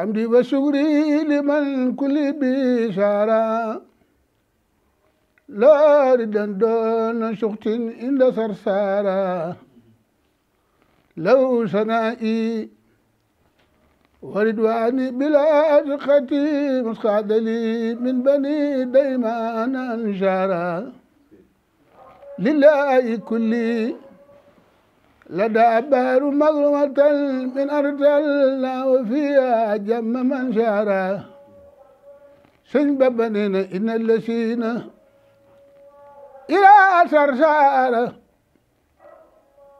حمدي وشكري لمن كل بشارة لا ردا دون شخط عند سرسارة لو سنائي وردواني بلا أرقتي مسقعد لي من بني ديمان أنجارا لله كلي لدى أبار مظلمة من أرض الله وفيها جم من شارا سن ببنين إن اللسين إلى أثر سارة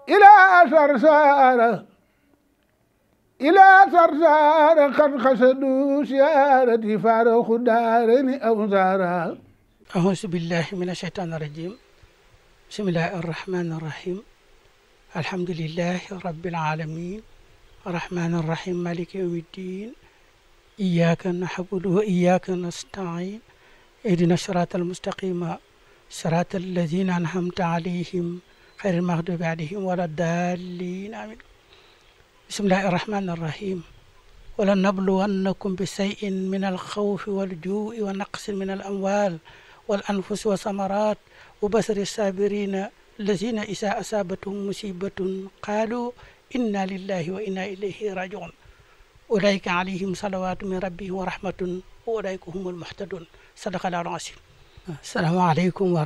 إلى أثر سارة إلى أثر سارة قد خسدوا سيارتي فارخ دارين أو زارا أعوذ بالله من الشيطان الرجيم بسم الله الرحمن الرحيم alhamdulillahi rabbil alamin rahmanir rahim maliki yawmiddin iyyaka na'budu wa iyyaka nasta'in ihdina siratal mustaqima siratal ladzina an'amta alayhim xayril maghdubi alayhim wala dallin amin bismillahir rahmanir rahim wala nabluwannakum bi shay'in min alxawfi walju'i wa naqsin min al amwal wal anfusi wa samarat wa bashiri sabirina lazina isa asabatuhum musibatun qaalu inna lillahi wa min rabbihim wa rahmatun wa ulaika humul muhtadun sadaqa laahu asim asalaamaaleykum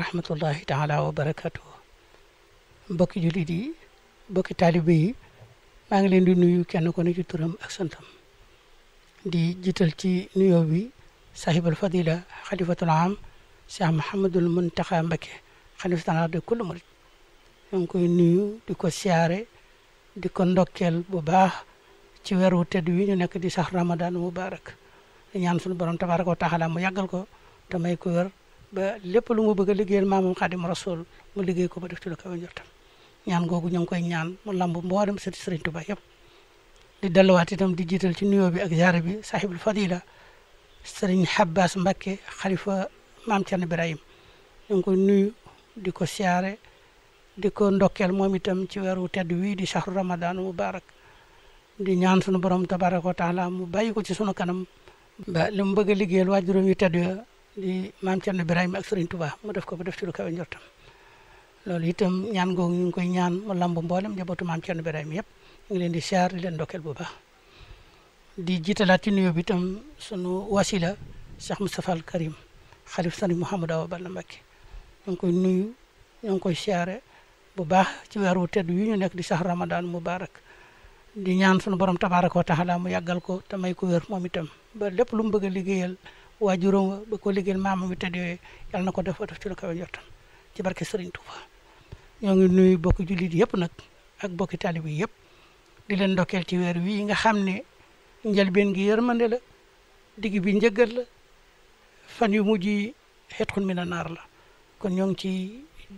taala wa barakatuh mbokki jullit yi mbokki taalibe ngi leen di nuyu kenn ko ne ci turam di jiital ci nuyoo bi sahibul fadila xalifatul am cheikh mahamadul muntaxa mbake xalifatul am de ñoo ngi koy nuyu di ko siyaare di ko ndokkeel bu baax ci weeru tedd wi ñu nekk di sax ramadan mubarak ñaan suñu borom tabaraka wa taala mu yàggal ko te may ko wér ba lépp lu mu bëgg a liggéeyal maamam xaadim rasul mu liggéey ko ba def ci lu kawe njortam ñaan googu ñoo ngi koy ñaan mu lamb mboolem sëti Sëriñ Tuubaa yëpp di delluwaat tam di jiital ci nuyoo bi ak ziyaare bi sahibul fadila sëriñ Abbas Mbakke xalifa maam Cerno Ibrahim ñu ngi nuyu di ko siyaare di ko ndokkeel moom itam ci weer weeru tedd wii di shahru ramadan mubarak di ñaan sunu borom tabaraka wa taala mu bay ko ci sunu kanam ba li mu bëgg a liggéeyal waajuram yu tedd ya di maam Cerno Ibrahima ak Sëriñ Tuubaa mu def ko ba def ci lu kawe njortam loolu itam ñaan googu ñu ngi koy ñaan mu lamb mboolem njabootu maam Cerno Ibrahima yëpp ñu ngi leen di siyaar di leen ndokkeel bu baax di jiitalaat ci nuyoo bi itam sunu wasila Cheikh Moustapha al Karim xalif Sëriñ Mouhamadou Awa ngi koy nuyu bu baax ci weer wu tedd yu ñu nekk di sax mu mubarak di ñaan sunu borom tabaraka wa taala mu yàggal ko tamay may ko wér moom itam ba lépp lu mu bëgg a liggéeyal waajuróom ba ko liggéeyal maamam bi tedd yooyu yàlla na ko def def ci lu kawe njortam ci barke Serigne Touba ñoo ngi nuyu bokki jullit yëpp nag ak bokki taalibe yi yëpp di leen ndokkeel ci weer wi nga xam ne njëlbeen gi yërmande la digg bi njëggal la fan yu mujj yi xetxun mi na naar la kon ñoo ngi ci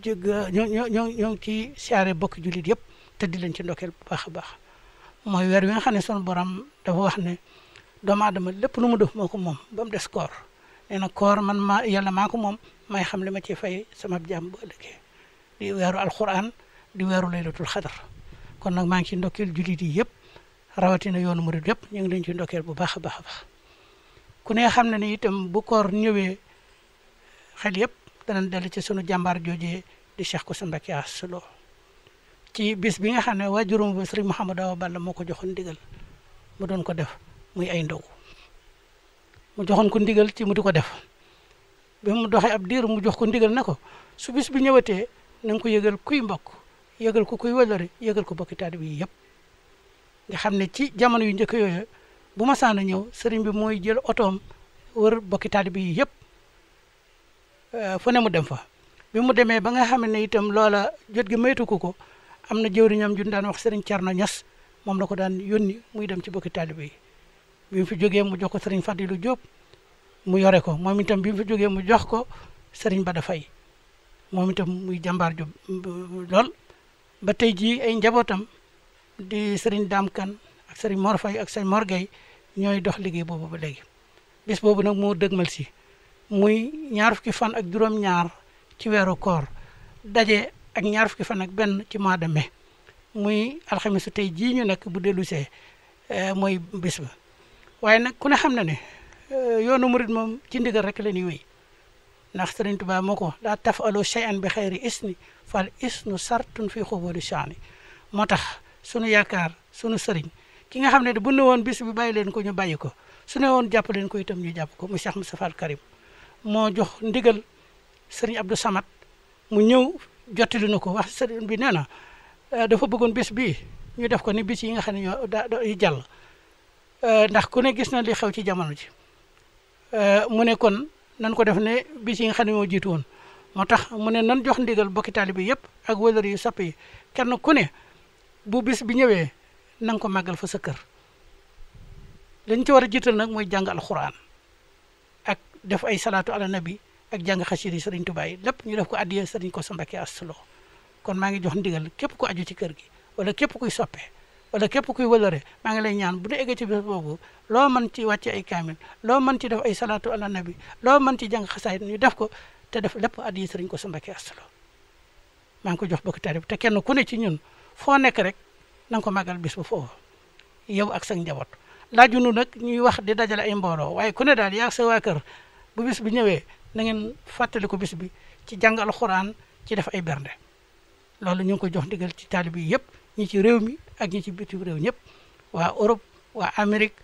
jëg ñoo ñoo ñoo ño ci siyaare bokki julit yëpp te di leen ci ndokkeel bu baax a baax mooy weer wi nga xam ne sunu borom dafa wax ne doomu aadama lépp lu mu def moo ko moom ba des koor nee na koor man ma yàlla maa moom may xam li ma ci fay sama jàmm bu ëllëgee di weeru alquran di weeru laylatul xadar kon nag maa ngi ci ndokkeel jullit yi yëpp rawatina yoonu murid yëpp ñu ngi leen ci ndokkeel bu baax a baax baax ku ne xam ne ni itam bu koor ñëwee xel yëpp danañ dellu ci sunu jàmbaar jooje di Cheikh Kosso Mbacké Asta Lo ci bis bi nga xam ne waajuram bu Sëriñ Mouhamadou Awa Balla moo ko joxoon ndigal mu doon ko def muy ay ndogu mu joxoon ko ndigal ci mu di ko def bi mu doxee ab diir mu jox ko ndigal na ko su bis bi ñëwatee na nga ko yëgal kuy mbokk yëgal ko koy wëlëri yëgal ko bokki taalib bi yëpp nga xam ne ci jamono yu njëkk yooyu bu ma saana ñëw sëriñ bi mooy jël otoom wër bokki taalib yi yëpp Euh, fu ne mu dem fa bi mu demee ba nga xam ne itam loola jot gi maytu ko ko am na jëwriñam ju jun daan wax sëriñ Thierno Niass moom la ko daan yónni muy dem ci bokki taalibe bi mu fi jógee mu jox ko sëriñ Fadilou Diop mu yore ko moom itam bi mu fi jógee mu jox ko sëriñ Bada fay moom itam muy jàmbaar ju lool ba tey jii ay njabootam di sëriñ Dame Kane ak sëriñ Mor Faye ak sëriñ Mor Gueye ñooy dox liggéey boobu ba léegi bis boobu nag moo dëgmal si muy ñaar fukki fan ak juróom-ñaar ci weeru koor daje ak ñaar fukki fan ak benn ci mois de mai muy alxamisu tey jii ñu nekk bu dellusee eh, mooy bis ba waaye nag ku ne xam na ne eh, yoonu murit moom ci ndigal rek la ñuy wéy ndax Sëriñ Tuubaa moo ko daa tafalu shay'an bi xayri isni fal isnu sartun fi xubuli shaani moo tax sunu yaakaar sunu sëriñ ki nga xam ne bu ne woon bis bi bàyyi leen ko ñu bàyyi ko su ne woon jàpp leen ko itam ñu jàpp ko mu Cheikh Moustapha Al Karim moo jox ndigal sëriñ Abdou Samad mu ñëw jottali na ko wax sëriñ bi nee na eh, dafa bëggoon bis bi ñu def ko ni bis yi nga xam ne ñoo daa yi jàll eh, ndax ku ne gis na li xew ci jamono ji eh, mu ne kon nan ko def ne bis yi nga xam ne moo jiitu woon moo tax mu ne nan jox ndigal bokki taalibe yëpp ak wëlër yu sapp kenn ku ne bu bis bi ñëwee na ko màggal fa sa kër li ñu ci war a jiital nag mooy jàng alxuraan def ay salaatu ala nabi ak jàng xasida yi sëriñ Tuubaa yi ñu def ko addiya sëriñ ko sa Mbàkke Aslo kon maa ngi jox ndigal képp ku aju ci kër gi wala képp kuy soppe wala képp kuy wëlëre maa ngi lay ñaan bu dee eggee ci bés boobu loo mën ci wàcce ay kaamil loo mën ci def ay salaatu ala nabi loo mën ci jàng xasaayit ñu def ko te def lépp addiya sëriñ ko sa Mbàkke maa ngi ko jox bokk tarib te kenn ku ne ci ñun foo nekk rek na nga ko màggal bis bu foofu yow ak sa njaboot laajunu nag ñuy wax di dajale ay mbooloo waaye ku ne daal yaa sa waa kër bu bis bi ñëwee na ngeen ko bis bi ci jàng alxuraan ci def ay bernde loolu ñu ngi ko jox ndigal ci taalib yi yëpp ñi ci réew mi ak ñi ci bitim réew ñëpp waa Europe waa Amérique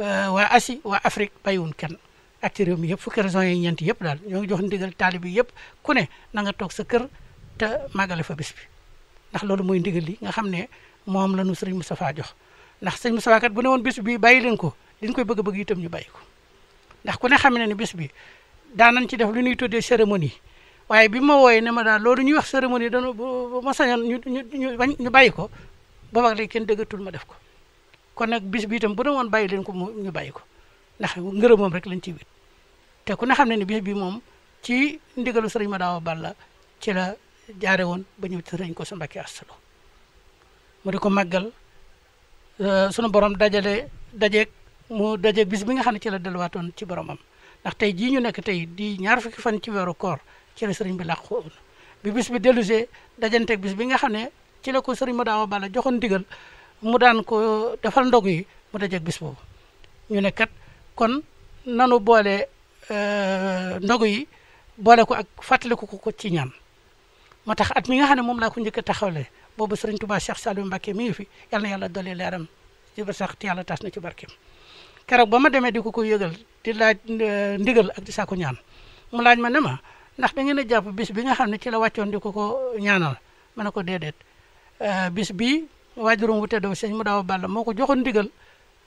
euh, waa Asie waa bay wun ken ak ci réew mi yëpp fukki régions yi ñeenti yëpp daal ñoo ngi jox ndigal taalib yi yëpp ku ne na nga sa kër te màggale fa bis bi ndax loolu mooy ndigal li nga xam ne moom la nu sëriñ Moustapha jox ndax sëriñ Moustapha kat bu ne woon bis bi bàyyi leen ko liñ koy bëgg-bëgg itam ñu bàyyi ko ndax ku ne xam ne ne bés bi daanañ ci def lu ñuy tuddee cérémonie waaye bi ma wooyee ne ma daal loolu ñuy wax cérémonie dana ma sañoon ñu ñu ñu bàyyi ko boobaag léegi kenn dëggatul ma def ko kon nag bis bi itam bu doon woon bàyyi leen ko ñu bàyyi ko ndax ngërëm moom rek lañ ciy wét te ku ne xam ne ne bis bi moom ci ndigalu sëriñ ma daawa Balla ci la jaare woon ba ñëw sëriñ ko sa Mbàkke Aslo mu di ko màggal euh, sunu borom dajale daje mu dajeeg bis bi nga xam ne ci la delluwaatoon ci boromam ndax tey jii ñu nekk tey di ñaar fukki fan ci weeru koor ci bi làqu woon bi bis bi dellusee dajanteeg bis bi nga xam ne ci la ko sëriñ Madaama Balla joxoon digal mu daan ko defal ndog yi mu dajeeg bis boobu ñu ne kat kon nanu boole euh, ndog yi boole ko ak fàttaliku ko ci ñaan moo tax at mi nga xam ne moom laa ko njëkk a taxawle boobu sëriñ Tuubaa Cheikh Saliou Mbacké mi ngi fi yal na yàlla dolli leeram ci ba sax te yàlla tas na ci barkeem keroog ba ma demee di ko ko yëgal di laaj eh, ndigal ak di sàkku ñaan mu laaj ma ne ma ndax da ngeen a jàpp bis bi nga xam ne ci la wàccoon di ko ko ñaanal ma ne ko déedéet eh, bis bii waajuram wu tedd sëñ mu daaw balla moo ko joxoon ndigal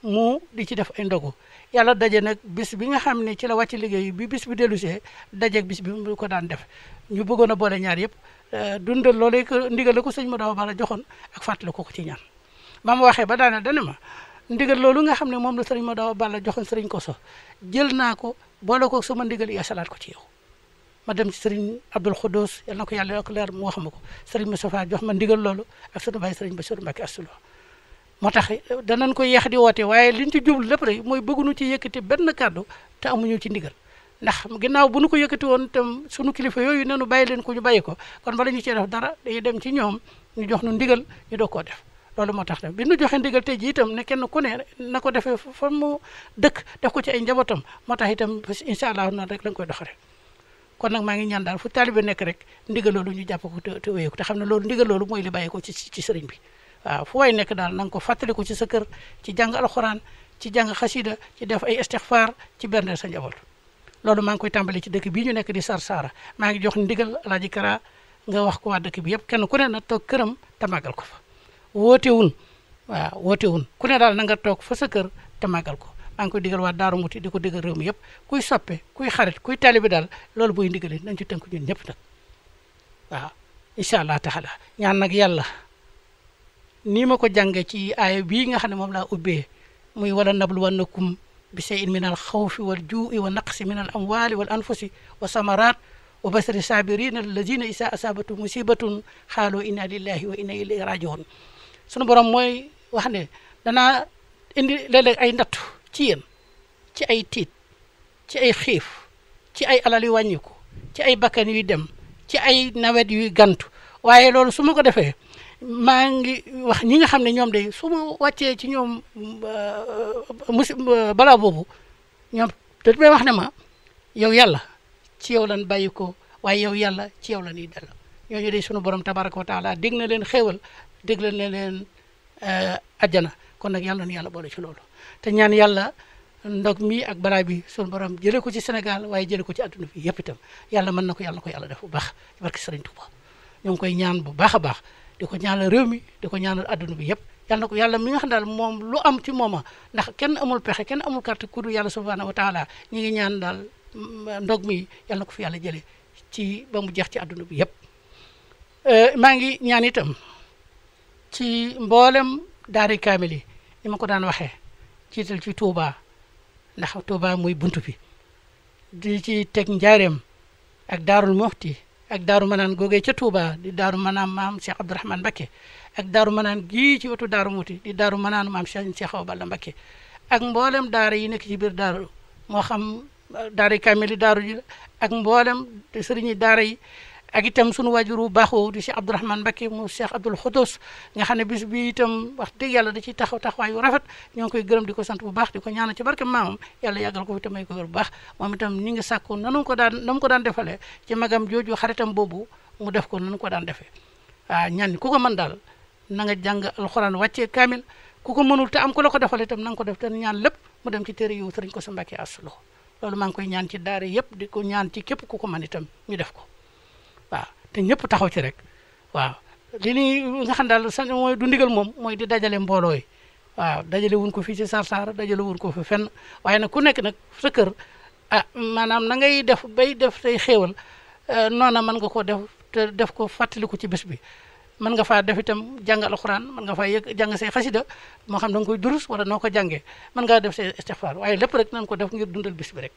mu di ci def ay ndogu yàlla daje nag bis bi nga xam ne ci la wàcc liggéey bi bis bi dellusee dajeeg bis bi mu ko daan def ñu bëggoon a boole ñaar eh, yëpp dundal loolee ndigal la ko sëñ mu daaw balla joxoon ak fàttali ko ko ci ñaan ba mu waxee ba daana dane ma ndigal loolu nga xam ne moom la sëriñ ma daw balla joxoon sëriñ ko so jël naa ko boole ko ma ndigal yi asalaat ko ci yow ma dem ci sëriñ Abdul Khoudous yal na ko yàlla yokk leer mu wax ma ko ma Moustapha jox ma ndigal loolu ak sunu baay sëriñ Bassirou Mbacké Astou Lo moo tax eh, danañ ko yeex di woote waaye liñ ci jublu lépp rek mooy bëgguñu ci yëkkati benn kàddu amuñu ci ndigal ndax ginnaaw bu nu ko yëkkati woon itam sunu kilifa yooyu nenu bàyyi leen ko ñu bàyyi ko kon bala ñu cee def dara dañuy dem ci ñoom ñu jox nu ndigal ñu doog koo def loolu moo tax bi nu joxe ndigal te jiitam itam ne kenn ku ne na ko defee fa mu dëkk def ko ci ay njabootam moo tax itam incha allah na rek la ñu koy doxalee kon nag maa ngi ñaan daal fu taalibe nekk rek ndigal loolu ñu jàpp ko te te xam ne loolu ndigal loolu mooy li bàyyi ko ci sëriñ bi waaw fu waay nekk daal na nga ko fàttaliku ci sa kër ci jàng alxuraan ci jàng xasida ci def ay istixfaar ci bernde sa njaboot loolu maa ngi koy tàmbali ci dëkk bii ñu nekk di Sarsara maa ngi jox ndigal Alaaji Kara nga wax ko waa dëkk bi yëpp kenn ku ne na toog këram te ko fa woote wun waaw woote wun ku daal na nga toog fa sa kër te màggal ko maa ngi koy waa Daaru Muti di ko digal réew mi yëpp kuy soppe kuy xarit kuy taalibe daal loolu buy ndigalee nañ ci tënk ñun ñëpp nag waaw incha allah taala ñaan nag yàlla nii ma ko jàngee ci aaya bii nga xam ne moom laa ubbee muy wala nabluwannakum bi shay'in min al xawfi wal juu'i wa naqsi min al amwali wal anfusi wa samarat wa basri saabirina allazina isa asabatum musibatun xaalu inna lillahi wa inna ilayhi sunu borom mooy wax ne danaa indi léeg ay nattu ci yéen ci ay tiit ci ay xiif ci ay alal yu wàññiku ci ay bakkan yuy dem ci ay nawet yuy gantu waaye loolu su ma ko defee maa ngi wax ñi nga xam ne ñoom day su ma wàccee ci ñoom euh, musi euh, balaa boobu ñoom da may wax ne ma yow yàlla ci yow lan bàyyi ko waaye yow yàlla ci yow la ñuy ñoo ñooñu day sunu borom tabaraka wa taala dig na leen xéewal dégle ne leen ajjana eh, kon nag yàlla na yàlla boole ci loolu te ñaan yàlla ndog mi ak balaa bi sunu borom jëlee ko ci Sénégal waaye jëlee ko ci àdduna bi yëpp itam yàlla mën na ko yàlla ko yàlla def bu baax barke Sëriñ Tuuba ñu ngi koy ñaan bu baax a baax di ko ñaanal réew mi di ko ñaanal àdduna bi yëpp yàlla ko yàlla mi nga xam daal moom lu am ci mooma ndax kenn amul pexe kenn amul carte ku du yàlla subhaanahu wa taala ñi ngi ñaan daal mm, ndog mi yàlla ko fi yàlla jëlee ci ba jeex ci àdduna bi yëpp eh, ngi ñaan ci mboolem daari kaamil yi ni ma ko daan waxee jiital ci tuuba ndax Touba muy buntu bi di ci teg njaareem ak daarul moxti ak daaru manaan googee ca Touba di daaru manaan mam Cheikh Abdourahmane Mbacké ak daaru manaan gii ci wetu daaru muti di daaru manaan maam Cheikh Cheikh Awa Balla ak mboolem daara yi nekk ci biir daaru moo xam eh, daara yi kaamil ak mboolem sëriñi daara yi ak itam sunu waajuru baaxoo di Cheikh Abdourahmane Mbacké mu Cheikh Abdoul nga xam ne bis bi itam wax dëgg yàlla da ciy taxaw taxawaay yu rafet ñoo ngi koy gërëm di ko sant bu baax di ko ñaan ci barke maamam yàlla yàggal ko fi tamay ko wér bu baax moom itam ñi ngi sàkku nanu ko daan ko daan boobu mu def ko nanu ko daan defee waaw ah, ñaan ku ko mën daal na nga jàng alxuraan wàccee kaamil ku ko mënul te am ku la ko defalee itam na nga ko def te ñaan lépp mu dem ci téere yiw sëriñ ko sa Mbacké aslo loolu maa ngi koy ñaan ci daara yëpp di ko ñaan ci képp ku ko mën itam ñu def ko waaw te ñëpp taxaw ci rek waaw li ni nga xam daal sa mooy du moom mooy di dajale mbooloo yi waaw dajale wuñ ko fii ci Sarsara dajale wuñ ko fi fen waaye na ku nekk nag sa kër ah maanaam na ngay def bay def tey xéewal eh, noona mën nga ko def te def ko fàttaliku ci bés bi mën nga faa def itam jàng alxuraan mën nga faa yëg jàng say xasida moo xam da nga koy durus wala noo ko jàngee mën ngaa def say istixfaar waaye lépp rek nañ ko def ngir dundal bis bi rek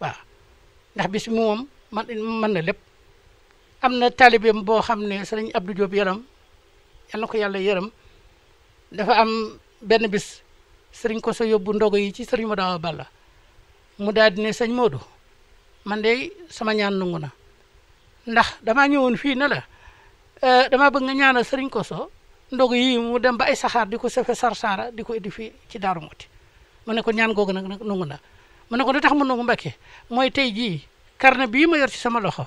waaw ndax bis bi moom man mën na lépp am na taalibeem boo xam ne sëriñ Abdou Diop yaram yal na ko yàlla yaram dafa am benn bis sëriñ ko sa yóbbu ndogo yi ci sëriñ Modou Awa Balla mu daal di ne sëñ Modou man de sama ñaan nangu na ndax damaa ñëwoon fii ne la eh, damaa bëgg nga ñaanal sëriñ Koso ndog yii mu dem ba ay saxaar di ko safe sarsaara di ko indi fii ci Daaru Muti mu ne ko ñaan googu nag nag nangu na mu ne ko lu tax mu nangu Mbàkke mooy tey jii carnet bii ma yor ci sama loxo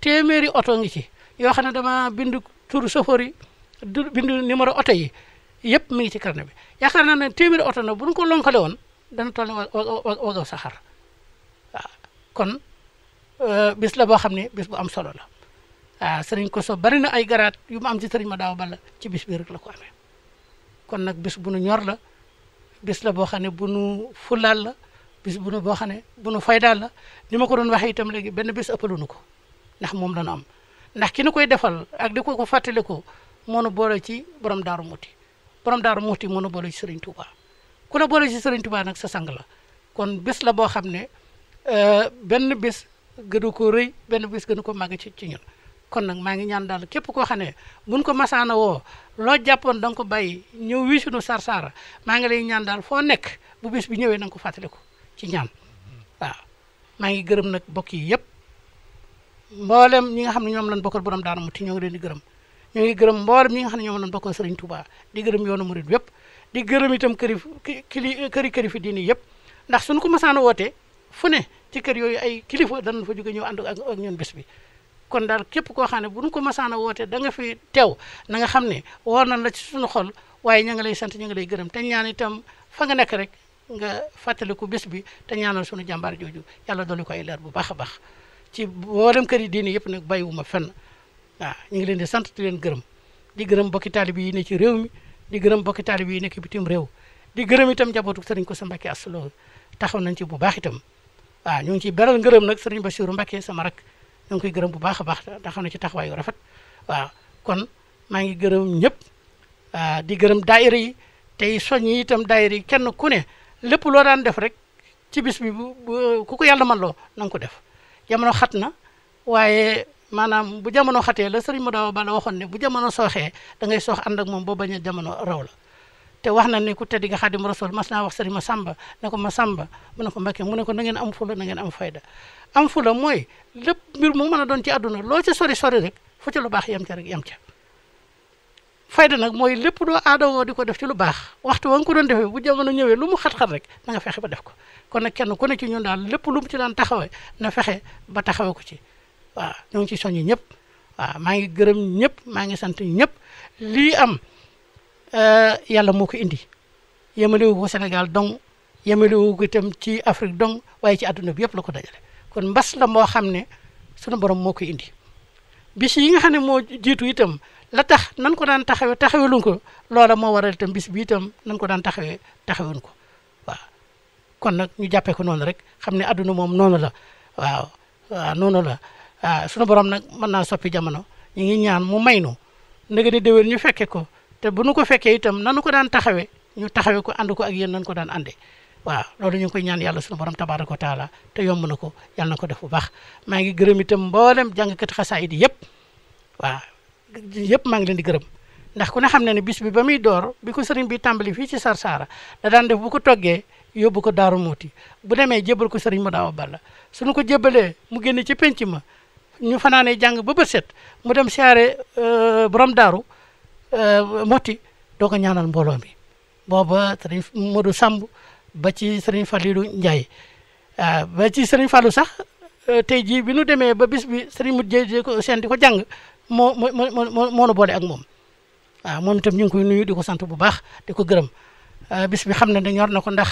téeméeri oto ngi ci yoo xam ne dama bind turu chauffeur yi bind numéro oto yi yëpp mi ngi ci carnet bi yaakaar naa ne téeméeri oto na bu ñu ko lonkale woon dana toll wagaw saxaar waaw kon euh, bis la boo xam ne bis bu am solo la waaw sëriñ Koso bari na ay garaat yu mu am ci ma Madaw bala ci bis bi rek la ko amee kon nag bis bu ñor la bis la boo xam ne bu fulaal la bis bu boo xam ne bu nu faydaal la ni ma ko doon waxee itam léegi benn bis ëppaluñu ko ndax moom dana am ndax ki nu koy defal ak di ko ko fàttaliku moo nu boole ci borom daaru muti borom daaru muti moo nu boole ci Serigne Touba ku la boole ci Serigne Touba nag sa sang la kon bés la boo xam ne euh, benn bés gënu ko rëy benn bés gënu ko màgg ci ci ñun kon nag maa ngi ñaan daal képp koo xam ne buñ ko masaana woo loo jàppoon da nga ko bàyyi ñëw wii sunu sarsara maa ngi lay ñaan daal foo nekk bu bés bi ñëwee na nga ko fàttaliku ci ñaan waaw maa ngi gërëm nag mbokk yi yëpp. mboolem ñi nga xam ne ñoom lañ bokkal borom Daaru Muxti ñoo ngi leen di gërëm ñoo ngi gërëm mboolem ñi nga xam ne ñoom lañ bokkal Serigne Touba di gërëm yoonu murid yëpp di gërëm itam këri kili këri këri fi diini yëpp ndax suñu ko masaan a wootee fu ne ci kër yooyu ay kilifa danañ fa jóge ñëw ànd ak ak ñun bés bi kon daal képp koo xam ne bu ñu ko masaan a wootee da nga fi tew nanga xam ne woon nañ la ci suñu xol waaye ña nga lay sant ña nga lay gërëm te ñaan itam fa nga nekk rek nga fàttaliku bés bi te ñaanal suñu jàmbaar jooju yàlla dolli ko ay leer bu baax a baax ci mboolem kër yi diine yëpp nag bàyyiwuma fenn waaw ñu ngi leen di sant di leen gërëm di gërëm mbokki taalib yi ne ci réew mi di gërëm mbokki taalib yi nekk bitim réew di gërëm itam njabootu sëriñ ko sa Mbàkke Asta Lo taxaw nañ ci bu baax itam waaw ñu ngi ciy beral ngërëm nag sëriñ Bassirou Mbàkke sama rak ñu ngi koy gërëm bu baax a baax taxaw na ci taxawaayu rafet waaw kon maa ngi gërëm ñëpp di gërëm daayira yi tey soññi itam daayira yi kenn ku ne lépp loo daan def rek ci bis bi ku ko yàlla man loo na nga ko def jamono xat na waaye maanaam bu jamono xatee la sëriñ Modaw Bala waxoon ne bu jamono sooxee dangay sox soox ak moom boo bañ a jamono raw la te wax na ni ku tedd nga Xaadimu Rasuul mas naa wax sëriñ ma Samba ne ko ma Samba mu ne ko Mbakke mu ne ko na ngeen am fula na ngeen am fayda am fula mooy lépp mbir mu mën a doon ci àdduna loo ci sori sori rek fu ci lu baax yem ca rek yem ca fayda nag mooy lépp doo aadawoo di ko def ci lu baax waxtu wa nga ko doon defee bu jamono ñëwee lu mu xat-xat rek na nga ba def ko kon nag kenn ku ne ci ñun lépp lu mu ci daan taxawee na fexe ba taxawee ko ci waaw ñoo ngi ci soññi ñëpp waaw maa ngi gërëm ñëpp maa ngi sant ñëpp li am eh, yàlla moo ko indi yemalewu ko Sénégal dong yemalewu ko itam ci Afrique dong waaye ci àdduna bi yëpp la ko dajale kon mbas la moo xam ne sunu borom moo ko indi bis yi nga xam ne moo jiitu itam la tax nan ko daan taxawe taxaweluñ ko loola moo waral itam bis bi itam nan ko daan taxawee taxawuñ ko waaw kon nag ñu jàppee ko noonu rek xam ne adduna moom noonu la waaw waaw noonu la ah, sunu borom nag mën naa soppi jamono ñu ngi ñaan mu may nu ndege di déwén ñu fekke ko te bu nu ko fekkee itam nanu ko daan taxawee ñu taxawee ko ànd ko ak yéen nan ko daan àndee waaw loolu ñu ngi koy ñaan yàlla sunu borom tabaaraka ko taala te yomb na ko yàlla na ko def bu baax maa ngi gërëm itam mboolem jàngkat xasaayid yëpp waaw yëpp maa ngi leen di gërëm ndax ku ne xam ne ne bis ba muy door bi ko sëriñ bi tàmbali fii ci Sarsara da daan def bu ko toggee yóbbu ko Daaru Muuti bu demee jébbal ko sëriñ mu daaw balla suñu ko jébbalee mu génn ci penc ma ñu fanaane jàng ba bët set mu dem siyaare euh, borom daaru moti doo ko mbooloo mi booba sëriñ Modou ba ci sëriñ Falilou Ndiaye euh, ba ci sëriñ Fallou sa euh, te jii bi nu demee ba bis bi sëriñ mu jëjee ko seen di ko jàng moo moo moo moo nu boole ak moom waaw moom itam ñu ngi koy nuyu di ko sant bu baax di ko gërëm euh, bis bi xam ne ne ñor na ko ndax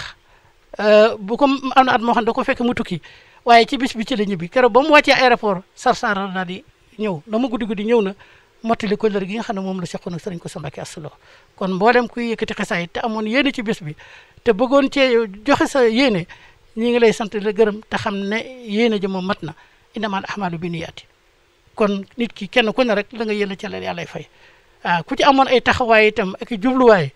euh, bu ko am na at moo xam da ko fekk mu tukki waaye ci bis bi ci la ñibbi keroog ba mu wàccee aéroport sarsara daal di ñëw la mu guddi guddi ñëw na mottali ko lër gi nga xam ne moom la seqoon ak sëriñ ko Mbàkke Asta Lo kon mboolem kuy yëkkati xasaay te amoon yéene ci bis bi te bëggoon cee joxe sa yéene ñi ngi lay sant la gërëm te xam ne yéene ji moom mat na innamal a'maalu binniyaati kon nit ki kenn ku ne rek la nga yéene ca leen yàlla fay a ah, ku ci amoon ay taxawaay itam ak i jubluwaay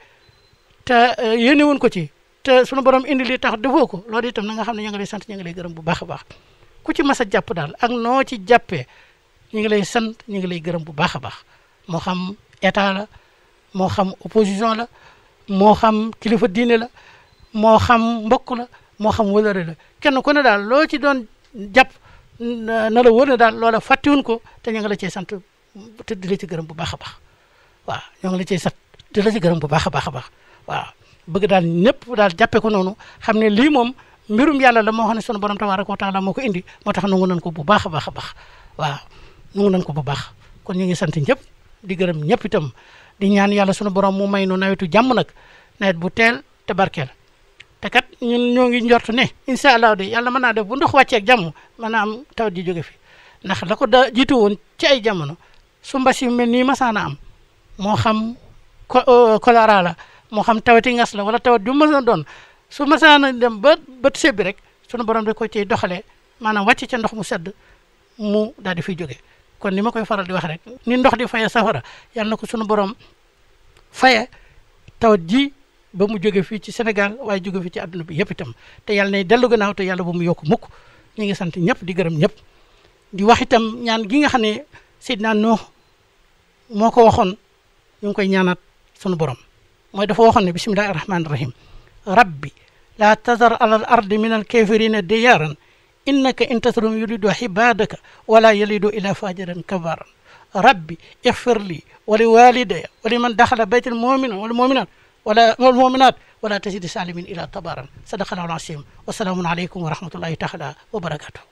te eh, yéene woon ko ci te sunu borom indi li tax defoo ko loolu itam na nga xam ne ñu ngi sant ñu ngi lay gërëm bu baax a baax ku ci mas a jàpp daal ak noo ci jàppee ñu ngi lay sant ñu ngi lay gërëm bu baax a baax moo xam état la moo xam opposition la moo xam kilifa diine la moo xam mbokk la moo xam wëlëre la kenn ku daal loo ci doon jàpp na la wóor ne daal loola fàttewuñ ko te ñu ngi la cee sant te di la ci gërëm bu baax a baax waaw ñoo ngi la cee sant di ci gërëm bu baax a baax a baax waaw bëgg daal ñëpp daal jàppee ko noonu xam ne lii moom mbirum yàlla la moo xam ne sunu borom ko wa taala moo ko indi moo tax nangu nañ ko bu baax a baax a baax waaw nangu nañ ko bu baax kon ñu ngi sant ñëpp di gërëm ñëpp itam di ñaan yàlla sunu borom mu may noo nawetu jàmm nag nawet bu teel te barkeel ñun ñoo ngi njort ne incha allah de yàlla mën naa def bu ndox wàcceeg jàmm mën naa am taw di jóge fi ndax la ko da jiitu woon ci ay jamono su mbas yu mel nii masaana am moo xam euh, choléra la moo xam tawati ngas la wala tawat ju mën a doon su masaana dem ba bët sebbi rek sunu borom de ko ciy doxalee maanaam wàcc ca ndox mu sedd mu daal di fiy jóge kon ni ma koy faral di wax rek ni ndox di faye safara yàlla na ko sunu borom faye tawat ji ba mu jóge fii ci Sénégal waaye jóge fii ci àdduna bi yëpp itam te yàlla nay dellu gannaaw te yàlla bu mu yokk mukk ñu ngi sant ñëpp di gërëm ñëpp di wax itam ñaan gi nga xam ne Seydina Nuux moo ko waxoon ñu ngi koy ñaanat sunu borom mooy dafa waxoon ne bismillahi rahmaani rahim rabbi laa tazar alal ardi min al kafirina diyaaran innaka in tasrum yulidu xibaadaka wala yalidu ila fajiran kabaran rabbi ixfir li wali walidaya wali man daxala baytal mu'mina wal mu'minat wala walmuminat wala tazid salimin ila tabaran sadaqallahu al-azim wa salaamun aleykum wa rahmatullahi taala wa barakatuh